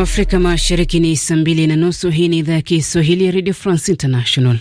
Afrika Mashariki ni saa mbili na nusu. Hii ni idhaa ya Kiswahili ya Radio France International.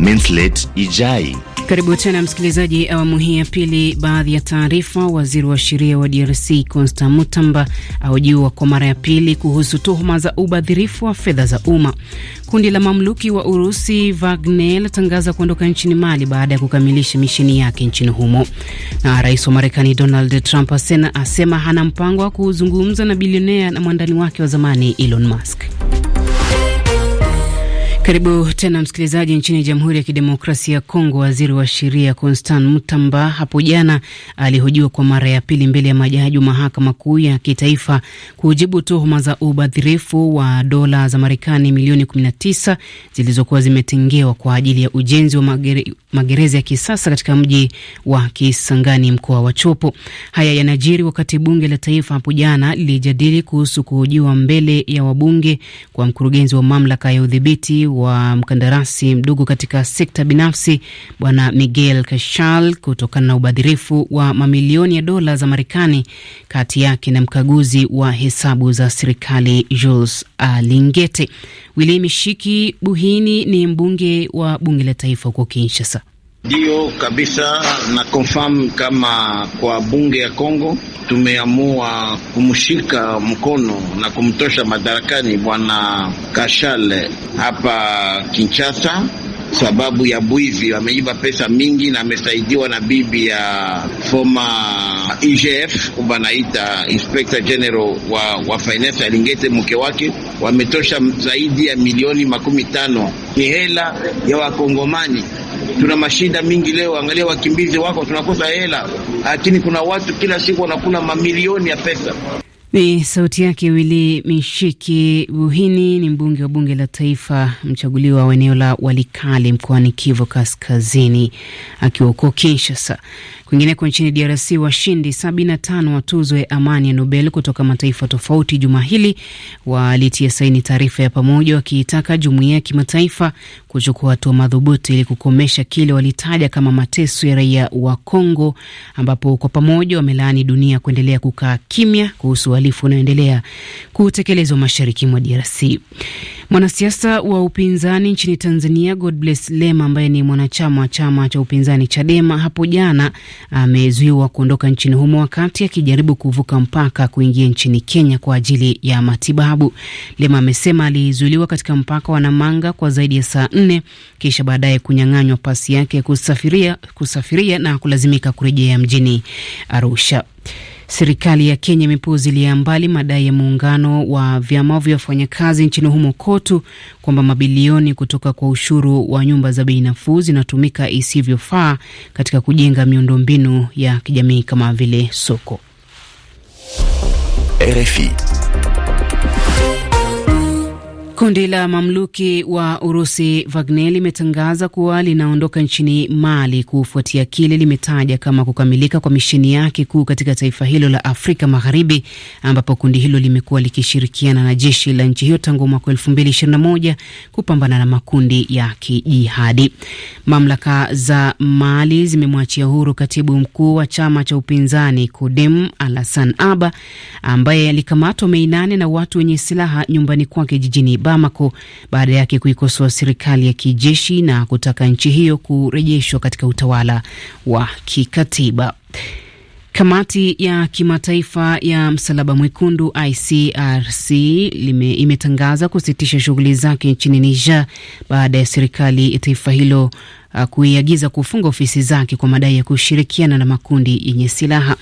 minslate Ijai karibu tena msikilizaji, awamu hii ya pili. Baadhi ya taarifa: waziri wa sheria wa DRC Constant Mutamba ahojiwa kwa mara ya pili kuhusu tuhuma za ubadhirifu wa fedha za umma. Kundi la mamluki wa Urusi Wagner latangaza kuondoka nchini Mali baada ya kukamilisha misheni yake nchini humo. Na rais wa Marekani Donald Trump asena asema hana mpango wa kuzungumza na bilionea na mwandani wake wa zamani Elon Musk. Karibu tena msikilizaji. Nchini Jamhuri ya Kidemokrasia ya Kongo, waziri wa sheria Constant Mutamba hapo jana alihojiwa kwa mara ya pili mbele ya majaji wa mahakama kuu ya kitaifa kujibu tuhuma za ubadhirifu wa dola za Marekani milioni 19 zilizokuwa zimetengewa kwa ajili ya ujenzi wa magere, magereza ya kisasa katika mji wa Kisangani, mkoa wa Chopo. Haya yanajiri wakati bunge la taifa hapo jana lilijadili kuhusu kuhojiwa mbele ya wabunge kwa mkurugenzi wa mamlaka ya udhibiti wa mkandarasi mdogo katika sekta binafsi Bwana Miguel kashal kutokana na ubadhirifu wa mamilioni ya dola za Marekani kati yake na mkaguzi wa hesabu za serikali Jules Alingete. Willy Mishiki Buhini ni mbunge wa bunge la taifa huko Kinshasa. Ndiyo kabisa na confirm kama kwa bunge ya Kongo tumeamua kumshika mkono na kumtosha madarakani bwana Kashale hapa Kinshasa sababu ya bwivi Ameiba pesa mingi na amesaidiwa na bibi ya former IGF banaita Inspector General wa, wa finance Alingete, mke wake. Wametosha zaidi ya milioni makumi tano, ni hela ya Wakongomani. Tuna mashida mingi leo, angalia wakimbizi wako, tunakosa hela, lakini kuna watu kila siku wanakula mamilioni ya pesa. Ni sauti yake Wili Mishiki Buhini, ni mbunge wa bunge la taifa mchaguliwa wa eneo la Walikale mkoani Kivu Kaskazini, akiwa huko Kinshasa. Kwingineko nchini DRC, washindi 75 wa tuzo ya amani ya Nobel kutoka mataifa tofauti juma hili walitia saini taarifa ya pamoja wakiitaka jumuiya ya kimataifa kuchukua hatua madhubuti ili kukomesha kile walitaja kama mateso ya raia wa Kongo, ambapo kwa pamoja wamelaani dunia kuendelea kukaa kimya kuhusu uhalifu unaoendelea kutekelezwa mashariki mwa DRC. Mwanasiasa wa upinzani nchini Tanzania Godbless Lema ambaye ni mwanachama wa chama cha upinzani Chadema hapo jana amezuiwa kuondoka nchini humo wakati akijaribu kuvuka mpaka kuingia nchini Kenya kwa ajili ya matibabu. Lema amesema alizuiliwa katika mpaka wa Namanga kwa zaidi ya saa nne kisha baadaye kunyang'anywa pasi yake kusafiria, kusafiria na kulazimika kurejea mjini Arusha. Serikali ya Kenya imepuuzilia mbali madai ya muungano wa vyama vya wafanyakazi nchini humo KOTU kwamba mabilioni kutoka kwa ushuru wa nyumba za bei nafuu zinatumika isivyofaa katika kujenga miundombinu ya kijamii kama vile soko. RFI Kundi la mamluki wa Urusi Wagner limetangaza kuwa linaondoka nchini Mali kufuatia kile limetaja kama kukamilika kwa misheni yake kuu katika taifa hilo la Afrika Magharibi, ambapo kundi hilo limekuwa likishirikiana na jeshi la nchi hiyo tangu mwaka 221 kupambana na makundi ya kijihadi. Mamlaka za Mali zimemwachia huru katibu mkuu wa chama cha upinzani Kudem Alasan Aba ambaye alikamatwa Mei nane na watu wenye silaha nyumbani kwake jijini Bamako baada yake kuikosoa serikali ya kijeshi na kutaka nchi hiyo kurejeshwa katika utawala wa kikatiba. Kamati ya kimataifa ya msalaba mwekundu ICRC lime, imetangaza kusitisha shughuli zake nchini Niger baada ya serikali ya taifa hilo Uh, kuiagiza kufunga ofisi zake kwa madai ya kushirikiana na makundi yenye silaha.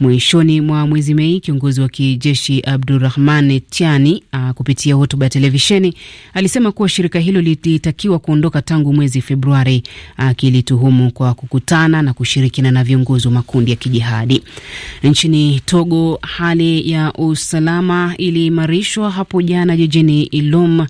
Mwishoni mwa mwezi Mei, kiongozi wa kijeshi Abdurahman Tiani uh, kupitia hotuba ya televisheni alisema kuwa shirika hilo lilitakiwa kuondoka tangu mwezi Februari, uh, akilituhumu kwa kukutana na kushirikiana na viongozi wa makundi ya kijihadi. Nchini Togo, hali ya usalama iliimarishwa hapo jana jijini Ilom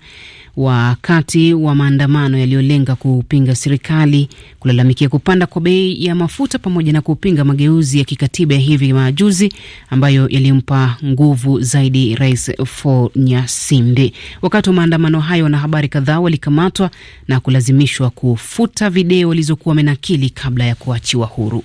wakati wa maandamano yaliyolenga kupinga serikali, kulalamikia kupanda kwa bei ya mafuta pamoja na kupinga mageuzi ya kikatiba ya hivi majuzi ambayo yalimpa nguvu zaidi Rais Fonyasinde. Wakati wa maandamano hayo, wanahabari kadhaa walikamatwa na kulazimishwa kufuta video walizokuwa wamenakili kabla ya kuachiwa huru.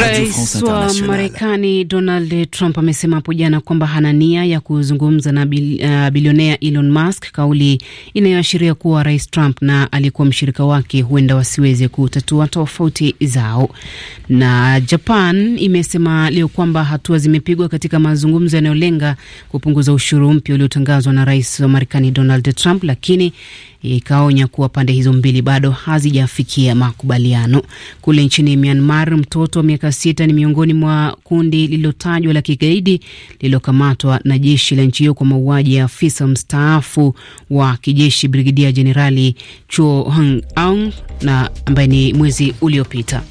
Rais wa Marekani Donald Trump amesema hapo jana kwamba hana nia ya kuzungumza na bil, uh, bilionea Elon Musk, kauli inayoashiria kuwa Rais Trump na aliyekuwa mshirika wake huenda wasiweze kutatua tofauti zao. Na Japan imesema leo kwamba hatua zimepigwa katika mazungumzo yanayolenga kupunguza ushuru mpya uliotangazwa na Rais wa Marekani Donald Trump, lakini ikaonya kuwa pande hizo mbili bado hazijafikia makubaliano. Kule nchini Myanmar mtoto wa mateka sita ni miongoni mwa kundi lililotajwa la kigaidi lililokamatwa na jeshi la nchi hiyo kwa mauaji ya afisa mstaafu wa kijeshi Brigedia Jenerali Cho Hang Aung na ambaye ni mwezi uliopita.